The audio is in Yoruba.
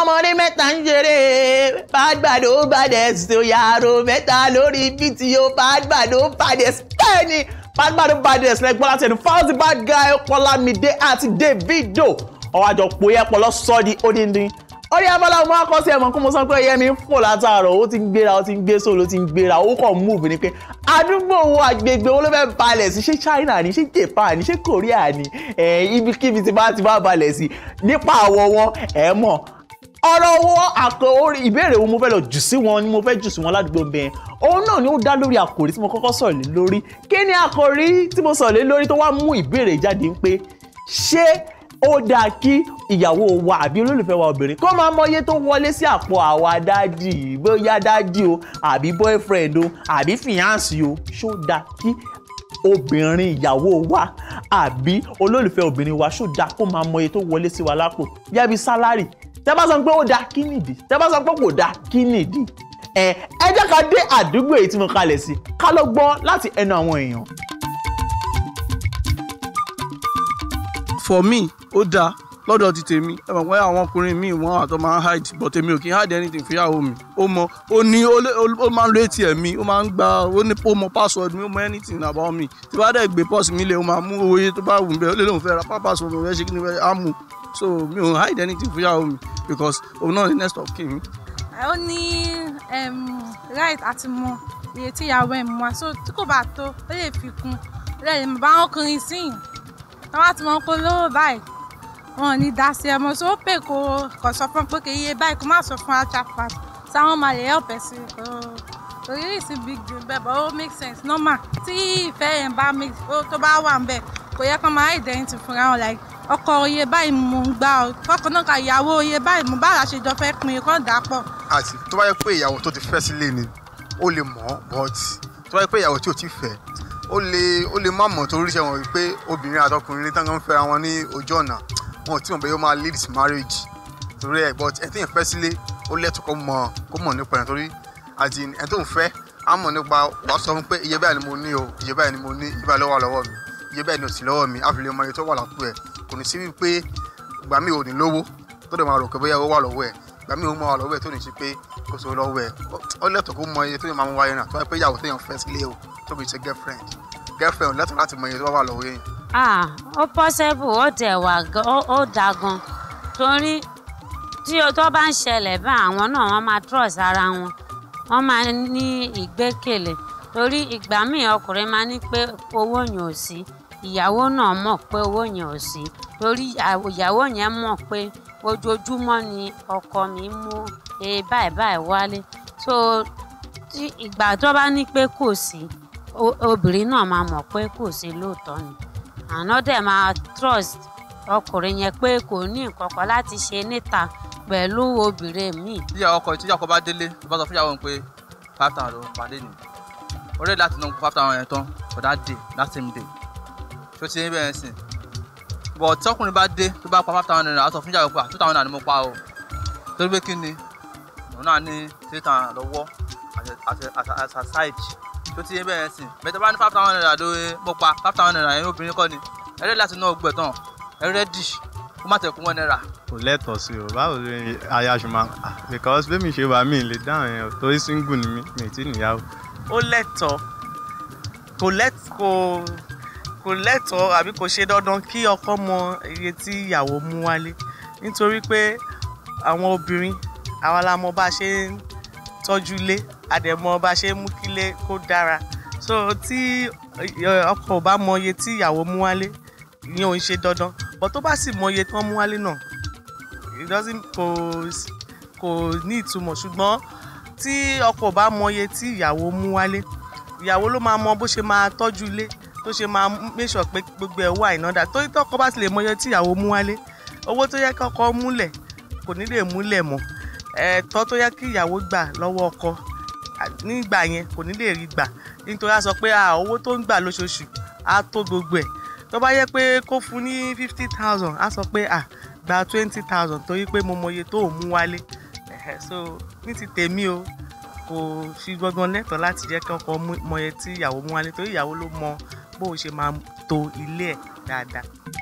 ọmọdé mẹ́ta ń ṣeré fàgbàdo bàdẹ́s tó yàrá mẹ́ta lórí bíìtì yóò fàgbàdo bàdẹ́s bẹ́ẹ̀ ni lẹ́gbọ́n láti ẹnu fáwọ́sì bad guy ọ̀pọ̀lámídé àti Davido ọwọ́ àjọ pòye ẹ̀pọ̀lọ́ sọ́ di odindi orí abala ọmọ akọ́sí ẹ̀mọ́ kó mo sọ pé yẹ́mi ń fò látàárọ̀ ó ti ń gbéra ó ti ń gbé sóòlù ó ti ń gbéra ó kàn mú òbí ni pé àdúgbò wo àgbègbè wo ló fẹ́ balẹ̀ sí ṣé China ni ṣé Japan ni ṣé Korea ni ibikíbi tí bá ti bá balẹ̀ sí nípa àwọ̀ wọn ẹ̀ mọ̀ ọ̀rọ̀ owó àkọ orí ìbéèrè wo mo fẹ́ lọ jù sí wọn ni mo fẹ́ jù sí wọn ládùúgbò bẹ́ẹ̀ òun náà ni ó dá lórí àkòrí tí mo kọ́kọ́ sọ̀rọ̀ lé lórí kí ni àkòrí tí mo sọ̀rọ̀ lé lórí tó wá mú ìbéèrè jáde ń pé ṣé ó dáa kí ìyàwó wa àbí olólùfẹ́ wa obìnrin kó máa mọ iye tó wọlé sí àpò àwa dádì bóyá dádì o àbí boyfriend o àbí fìyànsì o ṣó dáa kí obìnrin ìyàwó wa àbí olólùfẹ́ obìnrin wa ṣó dáa kó máa mọ iye tó wọlé sí wa lápò yẹ́bi sálárì tẹ́ bá sọ pé ó da kí nìdí tẹ́ bá sọ pé kò da kí nìdí ẹ ẹ jẹ́ dé àdúgbò èyí tí mo kalẹ̀ sí ká lọ gbọ́ láti ẹnu àwọn èèyàn. for me ó dáa lọ́dọ̀ ti tèmi ẹ mọ̀ pé àwọn ọkùnrin míì wọ́n àtọ́ máa ń hide but tèmi ò kí n hide anything fún ìyàwó mi ó mọ ó ní ó máa ń lo atm mi ó máa ń gba ó ní ó mọ password mi ó mọ anything about me. tí bá dẹ̀ gbé pọ́s mi lé ó máa mú oye tó bá wù mí bẹ́ẹ̀ ó lè lóun fẹ́ ra pápá sọ̀rọ̀ rẹ̀ ṣe kí ni fẹ́ á mú so mi ò hide anything fún ìyàwó mi because òun náà ni next of kin mi. ó ní right àti mọ iye tí ìyàwó ẹ̀ mú so tí kò bá tó ó lè fi kún lẹ́yìn bá wọn kùnrin sí i tí wọ́n ti mọ polówó báyìí wọn ní dasí ẹ so ó pè kó kò sọ fún pé kì í yé e báyìí kó má sọ fún achafa sáwọn máa lè help ẹ sí kò orílẹ̀ sí big dream bẹ́ẹ̀ but ó make sense normal tí ìfẹ́ yẹn bá tó bá wà ń bẹ̀ kò yẹ kó máa identity fúnra wọn like ọkọ oyè báyìí mò ń gbà ọ kọkọ náà ka ìyàwó oyè báyìí mo bá àṣẹ jọ fẹ́ pin kọ́ dà pọ̀. àti tó bá yẹ pé ìyàwó tó ti fẹ́ sílé ni ó lè mọ̀ but tó bá yẹ pé ìyàwó tí ò ti fẹ́ ó lè ó lè má mọ̀ torí ṣe wọ̀n wípé obìnrin àtọkùnrin tán kan ń fẹ́ra wọn ní ojú ọ̀nà wọn ò tí mọ̀ bẹ́ẹ̀ ó máa lead to marriage torí ẹ̀ but ẹ̀ tí yẹn fẹ́ sílé ó lẹ́tọ̀ọ́ kó mọ̀ kó mọ̀ nípa ẹ̀ torí in, ẹ̀ tó ń fẹ́ á mọ̀ nípa wàá sọ fún pé iye báyìí ni mo ní o iye báyìí ni mo ní iye báyìí ló wà lọ́wọ́ mi iye báyìí ni ò sí lọ́wọ́ mi àfi lè mọ iye tó wà lápò ẹ̀ kò ní sí wípé gbà mí ò ní lówó tó dẹ̀ máa rò pé bóyá owó wà lọ́wọ́ ẹ̀ gbà mí ò mọ wà lọ́wọ́ ẹ̀ tó ní sí pé kò sówó lọ́wọ́ ẹ̀ ó lẹ́tọ̀ọ́ kó mọ iye tó yẹ máa mú wáyé náà tó yẹ pé ìyàwó tó yàn fẹ́ sílé o tó bí ṣe girlfriend girlfriend lẹ́tọ̀ọ́ láti mọ iye tó wà lọ́wọ́ yẹn ah ó possible ó tẹ̀ wá ó da gan torí tí o tó bá ń ṣẹlẹ̀ bá àwọn náà wọ́n máa trust ara wọn wọ́n máa ní ìgbẹ́kẹ̀lé torí ìgbà míì ọkùnrin máa ní pé owó yẹn ò sí ìyàwó náà mọ̀ pé owó yẹn ò sí torí ìyàwó yẹn mọ̀ pé ojoojúmọ́ ni ọkọ mi mú e báyìí báyìí wálé so ìgbà tó bá ní pé kò sí obìnrin náà máa mọ̀ pé kò sí lóòótọ́ ni àná dẹ̀ máa trust ọkùnrin yẹn pé kò ní nǹkan kan láti ṣe níta pẹ̀lú obìnrin mi. bí àwọn ọkọ ìtújà ọkọ bá délé ló bá sọ fún ìyàwó mi pé five thousand ló ń padé nì orí láti ná five thousand yẹn tán for that day that same day tó ti ń bẹ̀rẹ̀ sí bọ̀ tọkùnrin bá dé tó bá pa five thousand naira á sọ fún ìyàwó pé ah, two thousand naira ni mo pa o torí pé kí ni òun náà ní three thousand lọ́wọ́ as a side tó ti yé bẹ́ẹ̀ sìn bẹ́ẹ̀ bá ní five thousand naira ló mọ̀ pa five thousand naira yẹn obìnrin kọ́ ni ẹ̀rẹ́ láti ná ọgbẹ̀ tán ẹ̀rẹ́ dì kó má tẹ̀kún wọn náírà. kò lẹ́tọ̀ọ́ sí o báwo ló ń aya ṣùgbọ́n because bẹ́ẹ̀ mi ṣe wà mí lè dáhùn yẹn torí single ni mi mi ti níyàwó. ó lẹ́tọ̀ọ́ kò lẹ́tọ̀ọ́ kò lẹ́tọ̀ọ́ àbí kò ṣe dandan kí ọkọ mọ iye tí ìyàwó mú wálé nítorí pé àwọn obìnrin àwa la bá ṣe ń tọ́jú ilé àdẹ̀mọ́ bá ṣe mú kílé kó dára so tí ọkọ bá mọ iye tí ìyàwó mú wálé ìyẹn ò ń ṣe dandan but tó bá sì mọ iye tí wọ́n mú wálé náà it doesn't kò kò ní ìtumọ̀ ṣùgbọ́n tí ọkọ bá mọ iye tí ìyàwó mú wálé ìyàwó ló máa mọ bó ṣe máa tọ́jú ilé tó ṣe máa make pé gbogbo ẹ̀ wà ìnáda torí tọkọ bá ti lè mọ iye tí ìyàwó mú wálé owó tó yẹ kọ́kọ́ múlẹ̀ kò ní lè múlẹ̀ mọ́ ẹ̀tọ́ tó yẹ kí ìyàwó gbà lọ́wọ́ ọkọ nígbà yẹn kò ní lè rí gbà nítorí a sọ pé owó tó ń gbà lóṣooṣù á tó gbogbo ẹ̀ tó bá yẹ pé kó fún ní fifty thousand á sọ pé gba twenty thousand torí pé mo mọye tó ò mú wálé so ní ti tèmi o kò fi gbọ́ngàn lẹ́tọ̀ọ́ láti jẹ́ kí ọkọ mọye tí ìyàwó mú wálé torí ìyàwó ló mọ bó o ṣe máa to ilé ẹ̀ dáadáa.